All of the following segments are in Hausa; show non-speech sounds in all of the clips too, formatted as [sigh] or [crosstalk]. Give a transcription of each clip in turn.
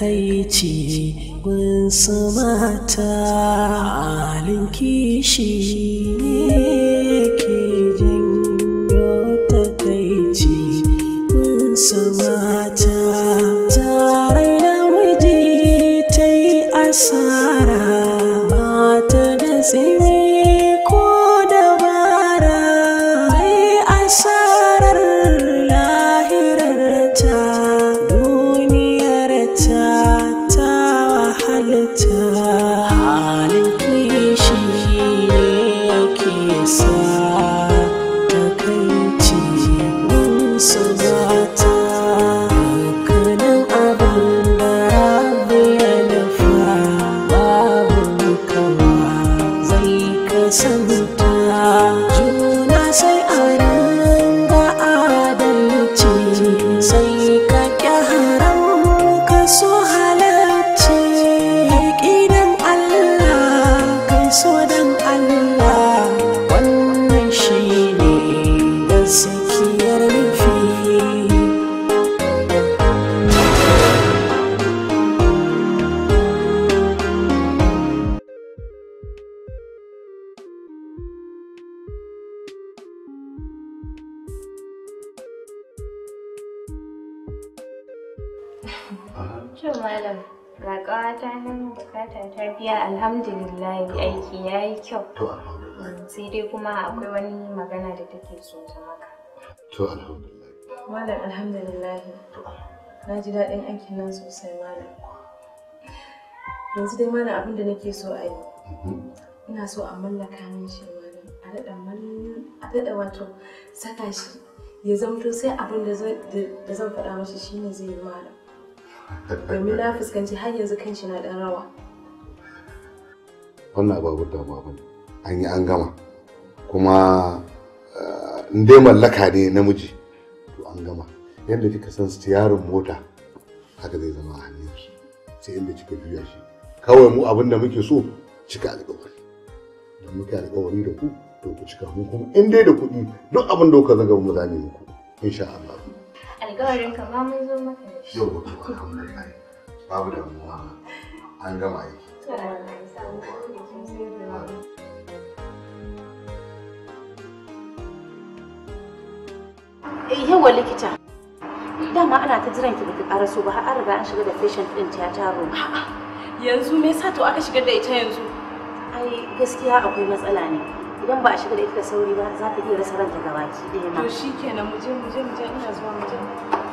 takaici gunsu mata halin kishi bukata na bukata ta biya alhamdulillah yi aiki ya yi kyau to alhamdulillah mm, sai dai kuma akwai wani magana da take so ta maka to alhamdulillah malam alhamdulillah na ji daɗin aikin nan sosai malam yanzu dai malam abin da nake so a yi mm-hmm. ina so a mallaka min shi malam a daɗa wato saka shi ya zamto sai abin da zan faɗa mashi shine zai yi malam domin na fuskanci har yanzu kan shi na rawa. Wannan babu damuwa ba ne, an yi an gama, kuma eh, in dai mallaka ne namiji to an gama. Yadda kika san yaron mota haka zai zama a hannunki sai inda kika juya shi. Kawai mu abin da muke so cika alƙawari. Don muke alƙawari da ku to ku cika mu kuma in dai da kuɗi duk abin da kuka zaga mu zane muku insha Allah. alƙawarin ka ma mun zo maka da shi. Yau ba ku alhamdulillah babu damuwa an gama aiki. Yawa eh, likita, dama ana ta jiran ki baki karaso ba har riga an shiga da patient din ta taro. Yanzu me yasa to aka shigar da ita yanzu? Ai gaskiya akwai matsala ne. idan ba a shiga da ita da sauri ba za ta iya rasa ranta gabaki ɗaya ma to shikenan mu je mu je mu je ina zuwa mu je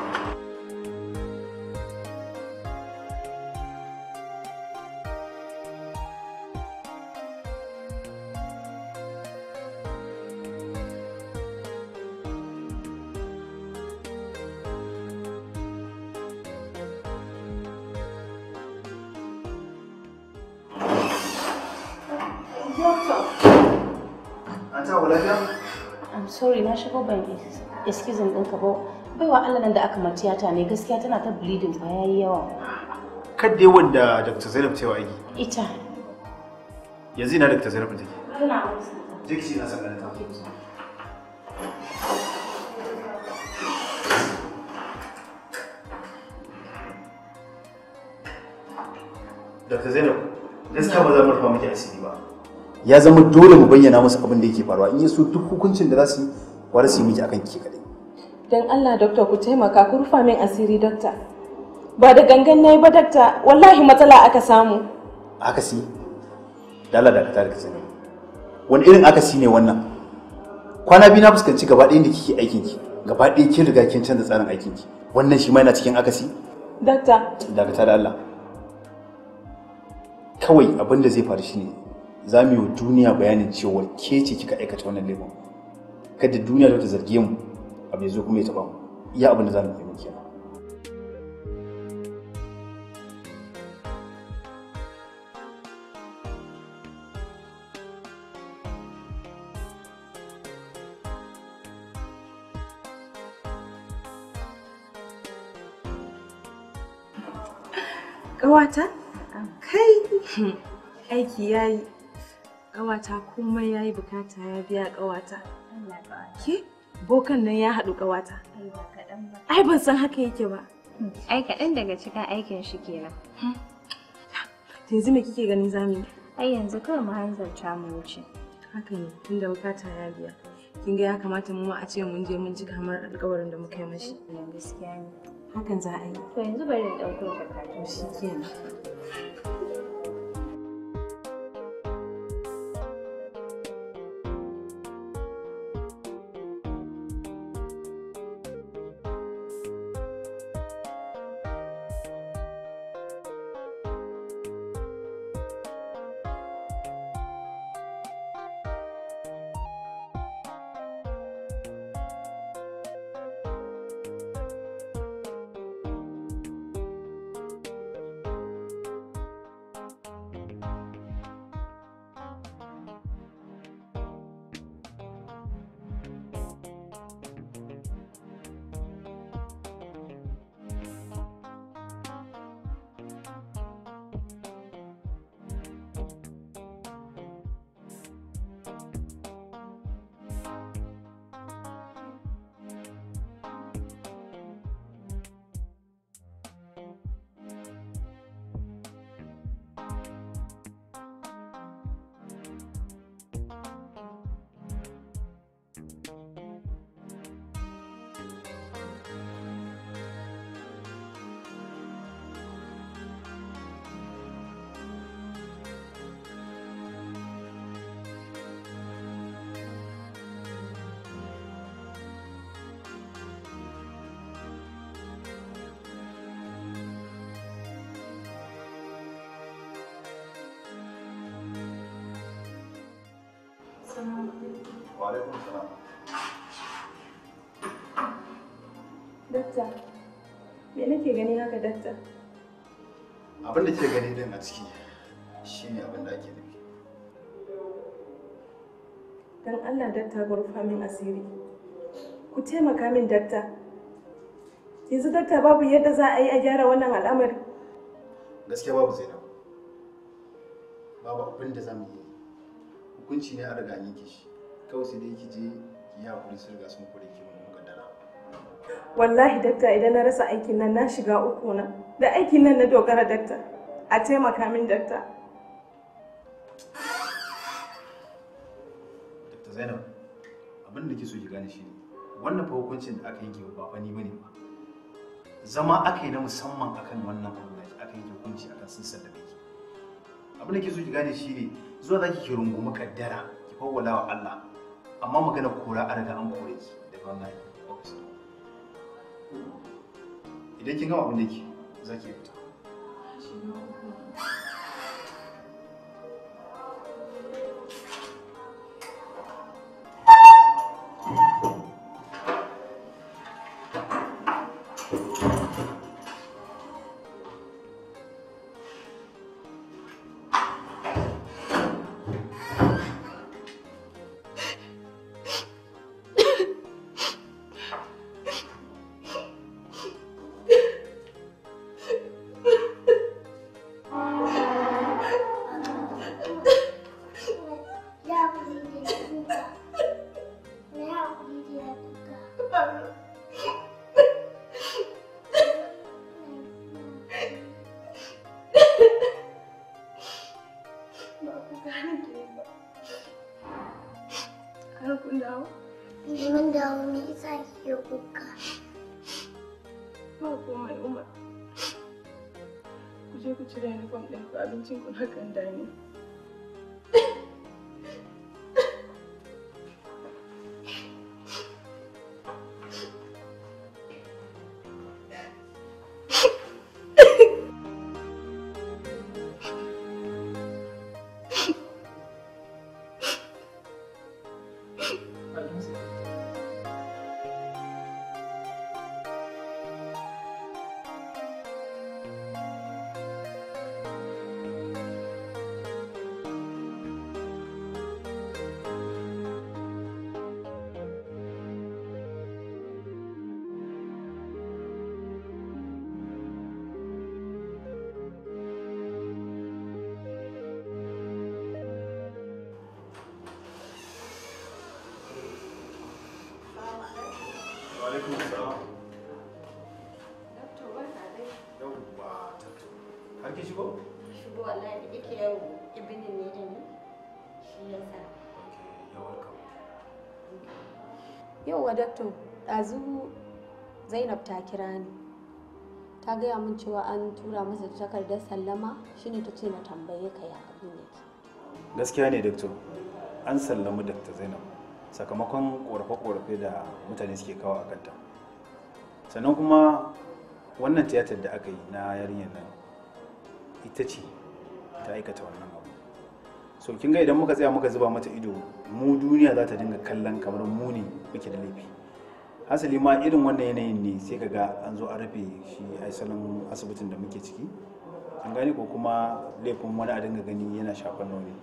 shigo ban excusing ɗinka ba wa Allah nan da aka mace ta ne gaskiya tana ta bleeding ba yayi yawa kad dai da Dr. Zainab wa yi ita yanzu ina Dr. Zainab take ina ki na ta Dr. Zainab gaskiya ba za mu rufa miki asiri ba ya zama dole mu bayyana musu abin da yake faruwa in yi su duk hukuncin da za su yi wani su yi miji akan ke kaɗai. Don Allah dokta ku taimaka ku rufa min asiri dokta. Ba da gangan na yi ba dokta wallahi matsala aka samu. Akasi? Dala da ka daga sanin. Wani irin akasi ne wannan? Kwana biyu na fuskanci gaba ɗaya da kike ki, Gaba ɗaya kin riga kin canza tsarin aikin ki. Wannan shi ma yana cikin akasi? Dokta. Dakata da Allah. Kawai abin da zai faru shine za mu yi wa duniya bayanin cewa ke ce kika aikata wannan laifin. kada duniya ta zarge mu a bai zo kuma ya taba mu iya abin da za mu yi muke Ƙawata? Ah. Kai! [laughs] Aiki ya yi. Ƙawata komai ya yi bukata ya biya ƙawata. Ke? Bokan nan ya haɗu ƙawata. Ai ban san haka yake ba. Hmm. Ai kaɗan daga cikin aikin shi kenan. Hmm. yanzu me kike ganin zamu yi? Ai yanzu kawai mu hanzarta mu wuce. Haka ne, tunda bukata ya biya. Kin ga ya kamata mu ma a ce mun je mun ji kamar alƙawarin da muka yi mashi. Gaskiya ne. Hakan za a yi. To yanzu bari in ɗauko jakatu. Shi kenan. wa alaikum salam dakta me haka dakta abin da ke gani din ciki shine abin da ake nufi dan Allah dakta gurfa min asiri ku taimaka min dakta yanzu dakta babu yadda za a yi a gyara wannan al'amari gaskiya babu babu za mu yi hukunci ne a riga shi kawai sai dai ki je ki yi hakuri su riga sun kore ki mun wallahi dakta idan na rasa aikin nan na shiga uku na da aikin nan na dogara dakta a taimaka min dakta dakta zainab abin da ke so ki gane shi ne, wannan fa hukuncin da aka yanke ba fa ni bane ba zama aka yi na musamman akan wannan abu da aka yanke hukunci akan sun sallabe ki abin da ke so ki gane shi ne zuwa za ki ki rungumi kaddara ki fawwala wa Allah amma magana kora a daga an kore ki da wannan office idan kin gama abin da ke za ki fita yau dakto ɗazu zainab ta kira ni ta gaya min cewa an tura masa takardar sallama shine ta ce na tambaye ka ya abin ne gaskiya ne doctor an sallami dr zainab sakamakon korafe-korafe da mutane suke kawo a kanta sannan kuma wannan tiyatar da aka yi na yarinyar nan ita ce ta aikata wannan abu so kin ga idan muka tsaya muka zuba mata ido mu duniya za ta dinga kallon kamar muni ne muke da laifi hasali ma irin wannan yanayin ne sai ka ga an zo a rufe shi aisalin asibitin da muke ciki an gani ko kuma laifin wani a dinga gani yana shafan nauyi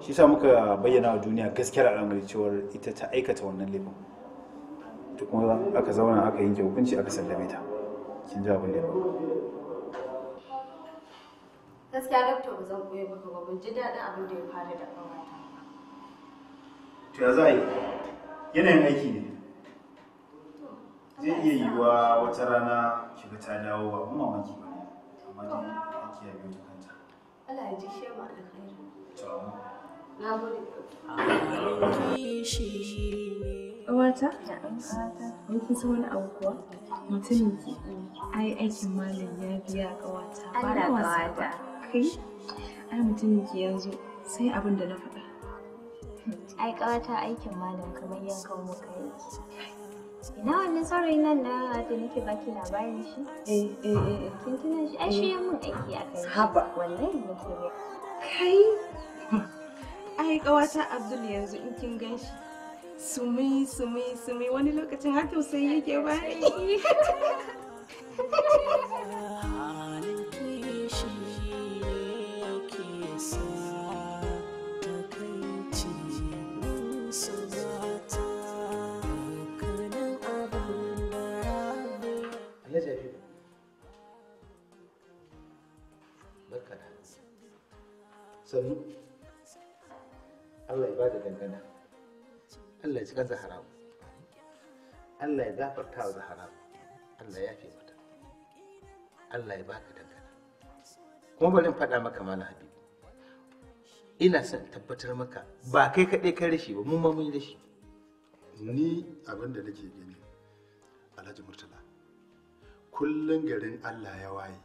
shi sa muka bayyana wa duniya gaskiyar al'amari cewar ita ta aikata wannan laifin to kuma aka zauna aka yanke hukunci aka sallame ta kin ji abin da ya gaskiya dokta ba zan koyo maka ba ban ji daɗin abin da ya faru da ƙawata to ya za yi yanayin aiki ne zai iya yi wa wata rana ki ga ta dawo ba mun mamaki ba ne amma dai aiki ya biyo ta kanta Allah ya ji shi ma alkhairi to na gode Ƙawata? Mun fi wani abu kuwa? Mutum ki. Ai aikin malam ya biya ƙawata. Ba na wasa kai ai mutum ki yanzu sai abin da na faɗa ai ƙawata aikin malam kamar yanka mu kai ina wannan saurayin nan na da nake baki labarin shi eh, eh eh eh kin tuna shi ai shi ya mun aiki a kai haba wallahi nake ga kai ai ƙawata Abdul yanzu in kin gan shi sumi sumi sumi wani lokacin har tausayi yake bani [laughs] sannu Allah ya ba da dangana Allah ya ji kan zaharawa Allah ya zafarta wa zaharawa Allah ya fi mata Allah ya ba ka dangana kuma bari faɗa maka mana habibu ina son tabbatar maka ba kai kaɗai ka rashi ba mun ma mun rashi ni abin da nake gani alhaji murtala kullum garin Allah ya waye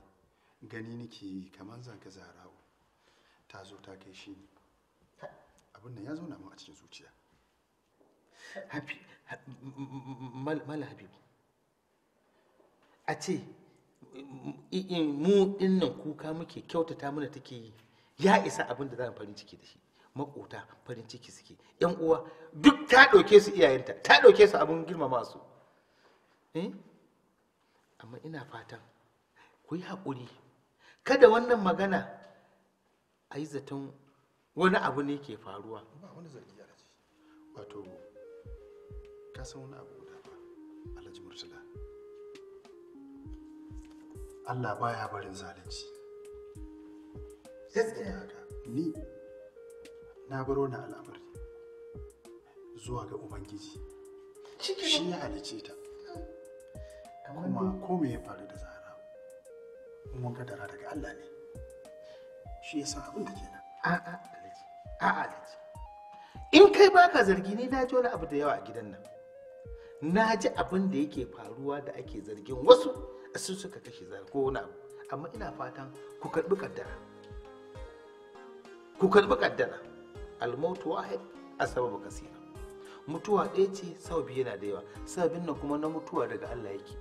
gani nake kamar zaka zara'u ta zo ta kai shi ne abin nan ya zauna mu a cikin zuciya mala habibu a ce mu nan kuka muke kyautata mana take yi ya isa abin da za farin ciki da shi makota farin ciki suke yan uwa duk ta ɗauke su iyayenta ta ɗauke su abin girmama su eh? amma ina fatan ku yi haƙuri kada wannan magana a zaton wani abu ne ke faruwa ba wani zargi wato ka san wani abu guda ba alhaji murtala allah baya barin zalunci ya haka ni na baro na al'amari zuwa ga ubangiji shi ya halice ta kuma ko me ya faru da zara mun kadara daga allah ne shi ya san abin da ke nan a'a alhaji a'a in kai baka zargi ni na ji wani abu da yawa a gidan nan na ji abin da yake faruwa da ake zargin wasu sun suka kashe zargi wani abu amma ina fatan ku karɓi kaddara ku karɓi kaddara almautu wahid sababu kasira mutuwa ɗaya ce sababi yana da yawa sababin nan kuma na mutuwa daga Allah yake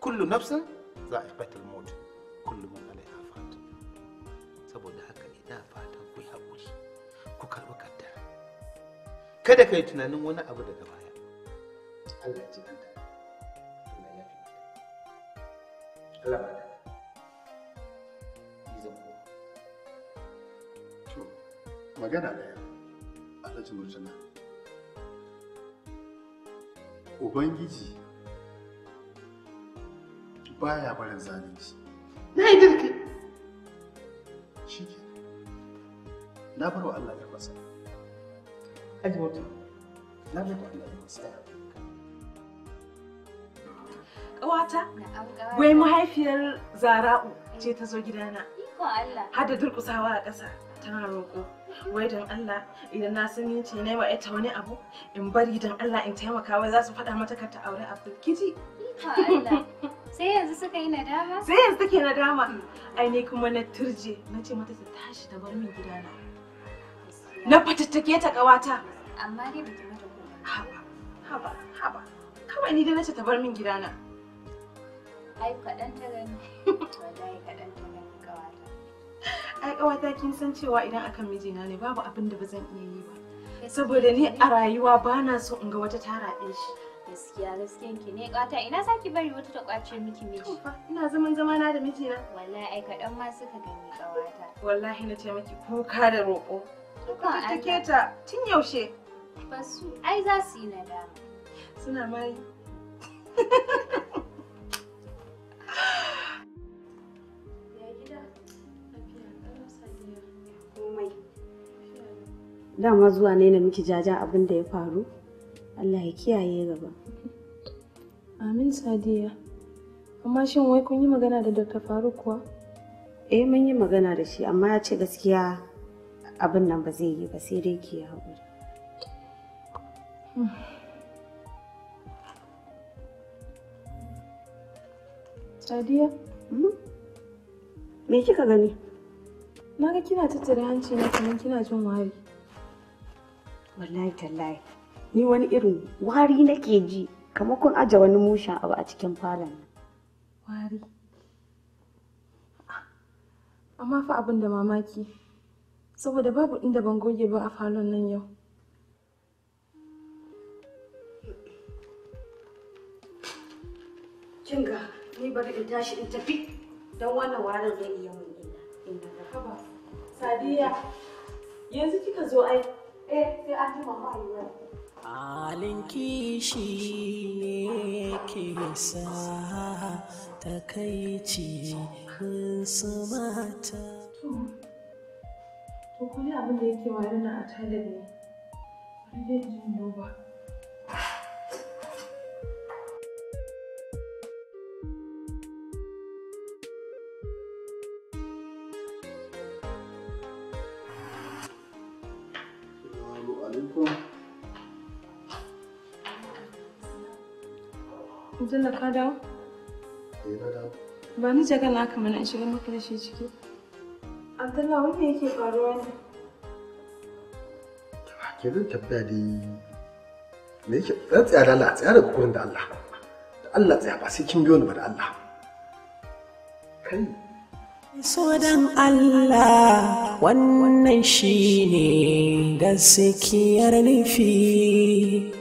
kullu nafsin za a fatal mota kullu man saboda haka ina fatan ku yi haƙuri ku karɓi kaddara kada ka yi tunanin wani abu daga baya Allah ji Allah ya fi Allah ba da magana ɗaya murtala ubangiji baya barin zalunci na bar wa Allah ya kwasa masa mutu na bar wa Allah ya masa ƙawata wai mahaifiyar zara'u ce ta zo gidana har da durƙusawa a ƙasa tana roƙo wai don Allah idan na san yanci ne ma ita wani abu in bari don Allah in taimaka wai za su faɗa mata kar ta aure Abdul kiji sai yanzu suka yi nadama sai yanzu take nadama ai ne kuma na turje na ce mata ta tashi ta bar min gidana Na fatattake ta ƙawata. Amma dai ta mata ko. Haba, haba, haba. Kawai ni da nace ta bar min gidana. Ai kaɗan ta gani. Wallahi kaɗan ta gani ƙawata. Ai gawata kin san cewa idan akan mijina ne babu abin da ba zan iya yi ba. Saboda ni a rayuwa ba na so in ga wata tara ɗin shi. Gaskiya gaskiyan ki ne ƙata ina saki bari wata ta ƙwace miki miji. Ina zaman zamana da mijina. Wallahi ai kaɗan ma suka gani ƙawata. Wallahi na ce miki kuka da roƙo. Ka tattake ta tun yaushe. Ba su ai za su yi ma Dama zuwa ne na miki jaja abin da ya faru. Allah ya kiyaye gaba. Amin Sadiya. Amma shin wai kun yi magana da Dr. faru kuwa? Eh mun yi magana da shi amma ya ce gaskiya abin nan ba zai yi ba sai dai ki haƙuri. Sadiya? Mm-hmm. Me kika gani? Na ga kina tattare hanci na kuma kina jin wari. Wallahi tallahi, ni wani irin wari nake ji kamar kun aje wani mushin abu a cikin falon. Wari? Ah, amma fa abin da mamaki. saboda babu inda ban goge ba a falon nan yau kinga ni bari in tashi in tafi don wannan warin zai iya mun illa inda da haba sadiya yanzu kika zo ai eh sai an ji ma ayyuwa Alin kishi ne ke sa takaici su mata ko kuma abin da yake wayo na a toilet wani zai duba ka dawo? Eh, na dawo. Ba ni jaga na mana in shiga maka da shi ciki. Abdullah wanda yake faruwa ne? Ke zan tabbata dai me yake tsaya tsaya da Allah tsaya daga gurin da Allah da Allah tsaya ba sai kin biyo ni ba da Allah kai so dan Allah wannan shine gaskiyar nufi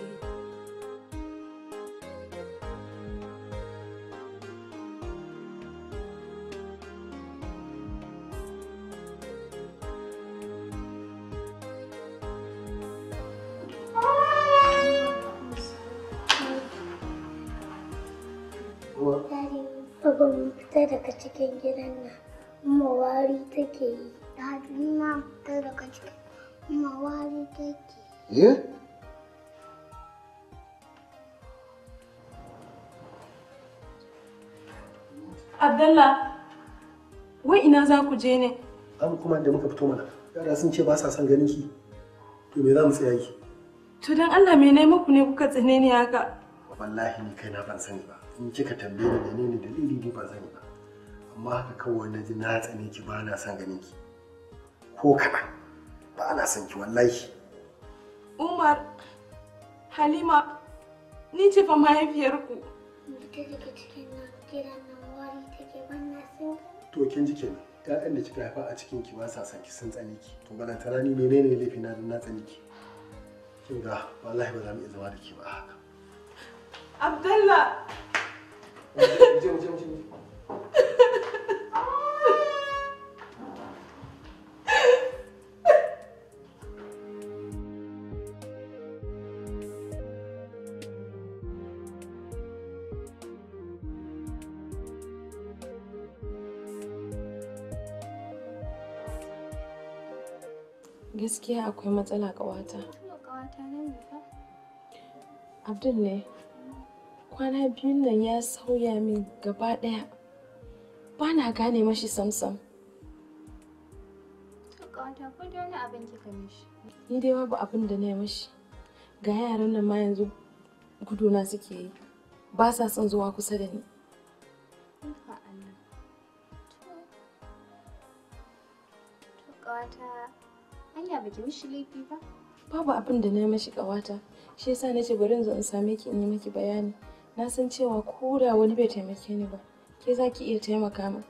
duka mu fita daga cikin gidan nan umma wari take yi ni ma fita daga cikin umma wari take yi Abdalla, wai ina za ku je ne? An kuma da muka fito mana, yara sun ce ba sa son ganin ki, to me za mu tsaya ki? To don Allah me ne muku ne kuka tsine ni haka? Wallahi ni kai na ban sani ba. in kika tambaye ni menene dalili ni ba zan yi ba amma haka kawai na ji na tsane ki ba na son ganin ki ko kaɗan ba na son ki wallahi Umar Halima ni ce fa mahaifiyarku to kin ji kenan ƴaƴan da kika haifa a cikin ki ba sa son ki sun tsane ki to tara ni menene laifi na na tsane ki kin ga wallahi ba za mu iya zama da ki ba haka Abdullah mu gaskiya akwai matsala ƙawata. Abdul ne kwana biyun nan ya sauya min gaba ɗaya ba na gane mashi samsam ni dai babu abin da na yi mashi ga yaran nan ma yanzu guduna suke yi ba sa son zuwa kusa da ni babu abin da na yi mashi ƙawata shi yasa na ce bari in zo in same ki in yi maki bayani na san cewa ko da wani bai taimake ni ba ke za ki iya taimaka min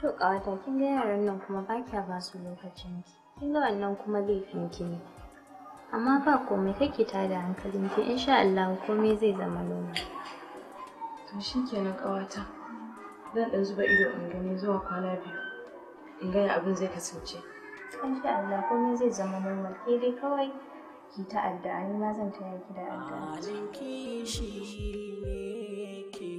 to ƙawata kin ga yaran nan kuma ba kya ba su lokacin ki kin ga wannan kuma laifin ki ne amma ba komai kake ta da hankalin ki insha Allah komai zai zama normal to shikenan ƙawata zan ɗan zuba ido in gani zuwa kwana biyu in gaya abin zai kasance insha Allah komai zai zama normal ke dai kawai ki ta addu'a ni ma zan taya ki da addu'a sa takaici mata halin kishi ke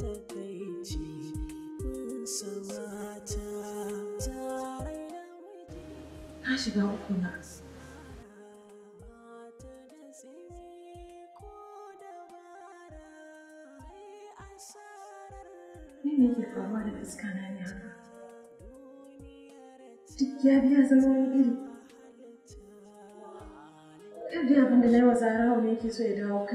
takaici mata na shiga uku na ne ne yake da fuska na ne haka duk ya biya zama wani iri abin da na yi wa zara yake so ya dawo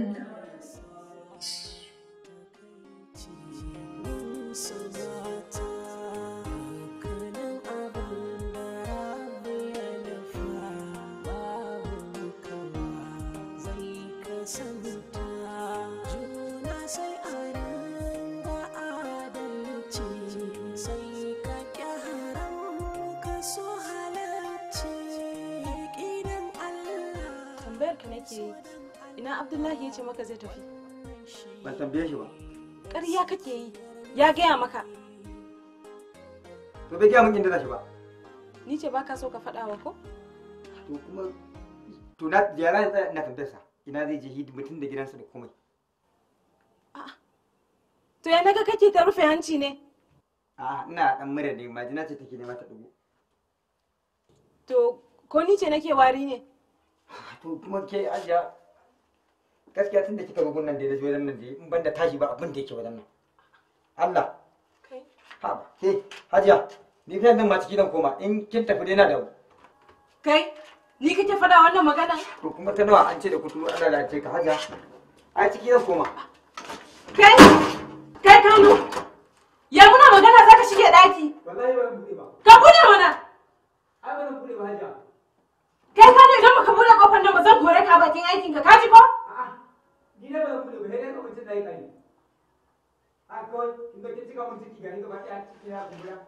gaya min inda zaki ba ni ce baka so ka faɗa wa ko to kuma to na yara na tambayarsa ina zai je hidi mutum da gidansa da komai to ya naga kake ta rufe hanci ne a ina dan mura ne majina ce take nema ta dubo. to ko ni ce nake wari ne to kuma ke ajiya gaskiya tun da kika ga gunnan da ya wajen nan da in ban da tashi ba abin da yake wajen nan Allah kai ha ke hajiya ni fa nan ma ciki dan koma in kin tafi dai na dawo kai ni kake faɗa wannan magana to kuma ta nawa an ce da kuturu Allah ce ka haja a ciki gidan koma kai kai kanu ya muna magana zaka shige daki wallahi ba bude ba ka bude mana ai ba bude ba haja kai ka ne idan baka bude kofar nan ba zan kore ka bakin aikin ka kaji ko a'a ni ne ba bude ba sai ka mutunta kai a kawai in ba ki cika mutunci ga ni gaba cikin ya kumbura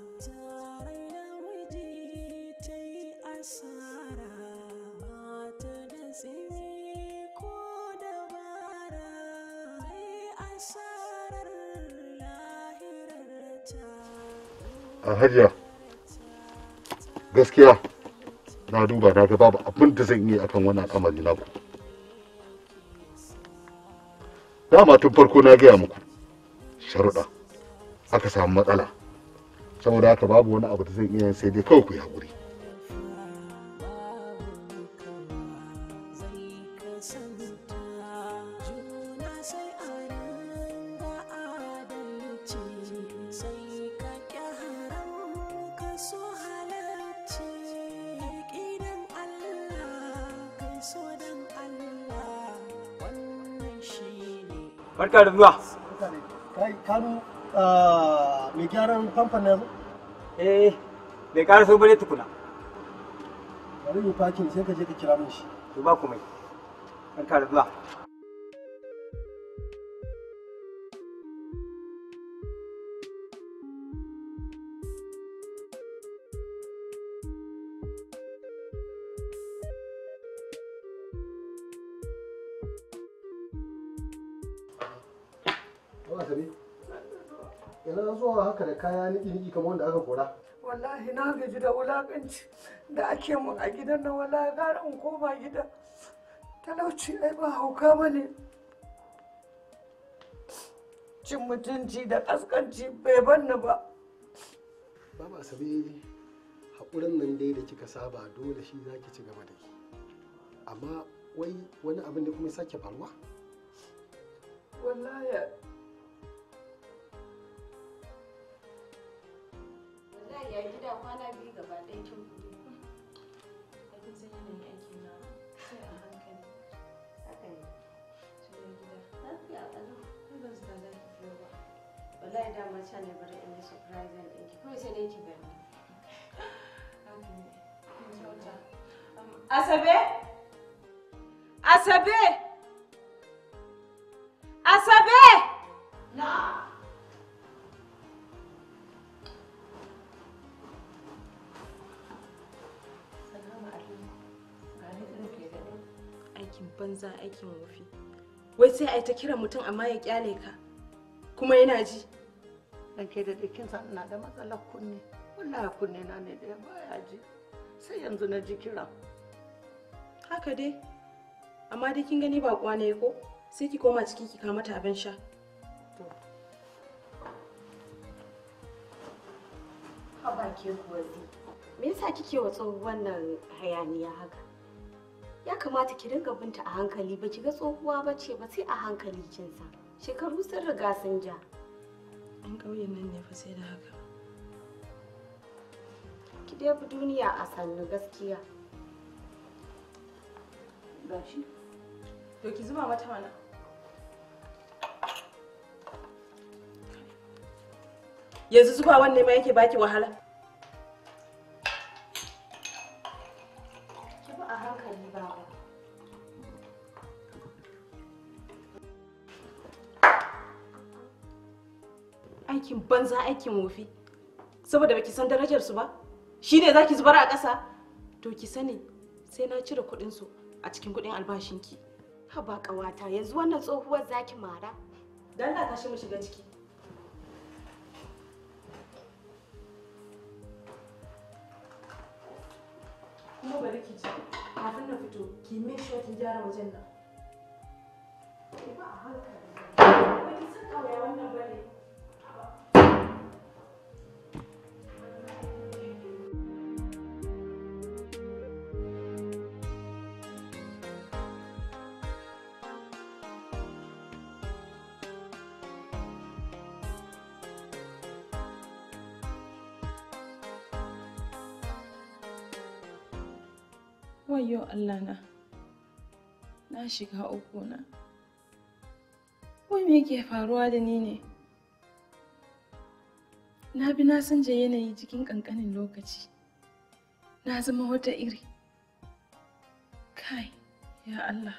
hajiya gaskiya na duba na ga babu abin da zan iya akan wannan al'amari na ku dama tun farko na gaya muku sharuɗa aka samu matsala saboda haka babu wani abu da zan iya sai dai kawai ku yi hakuri. barka da zuwa kai kano ah, mai gyaran eh bai so tukuna bari fakin sai ka je ka kira min shi to ba ku mai barka da zuwa aiki kamar wanda aka kora wallahi na gaji da wulakanci da ake mu a gidan na wallahi gara in koma gida talauci ai ba hauka ba ne cin mutunci da ƙasƙanci bai banna ba baba asabe haƙurin nan dai da kika saba dole shi za ki ci gaba da yi amma wai wani abin da kuma sake faruwa wallahi ya gida kwana biyu gaba ɗaya kin yanayin aiki na sai a hankali. Haka ne. gida. Lafiya ban za ki ba. Wallahi dama ne bari in yi surprise kawai sai dai ki gani. Haka ne. Kin kyauta. Um, Asabe? Asabe! Asabe! aikin banza aikin wofi wai sai a ta kira mutum amma ya kyale ka kuma yana ji ke da jikin sa ina da matsalar kunne wallahi kunne na ne da baya ji sai yanzu na ji kira haka dai amma dai kin gani ba kwane ko sai ki koma ciki ki kama ta abin sha to ba ke kuwa me yasa kike wa tsohuwan nan hayaniya haka ya kamata ki dinga binta a hankali ba ki ga tsohuwa ba ce ba sai a hankali kinsa shekaru sun riga sun ja an ƙauyen nan ne fa sai da haka ki dai bi duniya a sannu gaskiya gashi to ki zuba mata mana yanzu zuba wanne ma yake baki wahala banza aikin wofi saboda baki san darajar su ba shine zaki zubar a ƙasa to ki sani sai na cire kuɗin su a cikin kuɗin albashinki haba ƙawata yanzu wannan tsohuwar zaki mara dan da tashi mu shiga ciki kuma bari ki ci kafin na fito ki me shi kin gyara wajen nan ba a hankali ba ki saka wannan bane yau Allah na na shiga uku na wai me yake faruwa da ni ne na bi na sanja yanayi cikin ƙanƙanin lokaci na zama wata iri kai ya Allah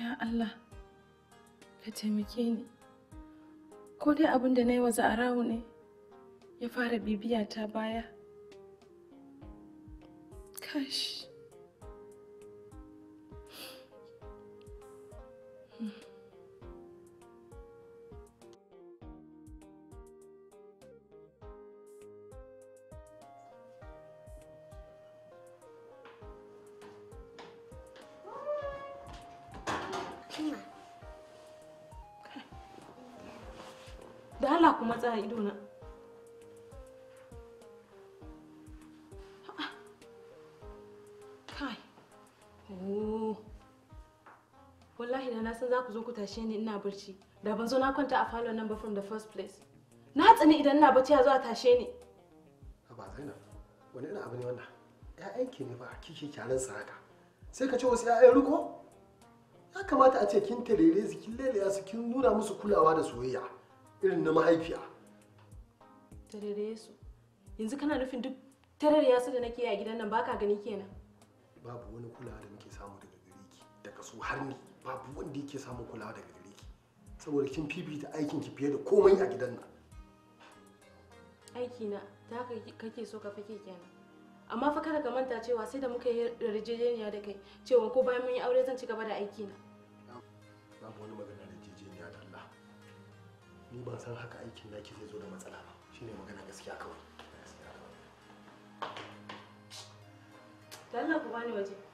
ya Allah ka taimake ni ko dai abin da na yi wa za'arawu ne ya fara bibiya ta baya Gosh. Da Allah kuma tsaya ido tashe ni ina barci da ban zo na kwanta a falon nan ba from the first place na tsani idan ina barci ya zo a tashe ni ba zainab wani irin abu ne wannan 'ya'yan ki ne ba kike kyaran saraka sai ka ce wasu 'ya'yan riko ya kamata a ce kin tarere su kin lele su kin nuna musu kulawa da soyayya irin na mahaifiya tarere su yanzu kana nufin duk tarariya su da nake a gidan nan baka gani kenan babu wani kulawa da muke samu daga gare ki daga su har ni babu wanda yake samun kulawa daga gare ki saboda kin fifita aikin ki fiye da komai a gidan nan aiki na ta kake so ka fake kenan amma fa kada ka manta cewa sai da muka yi yarjejeniya da kai cewa ko bayan mun yi aure zan ci gaba da aiki na babu wani magana yarjejeniya da Allah ni ban san haka aikin naki zai zo da matsala ba shine magana gaskiya kawai Allah ku bani waje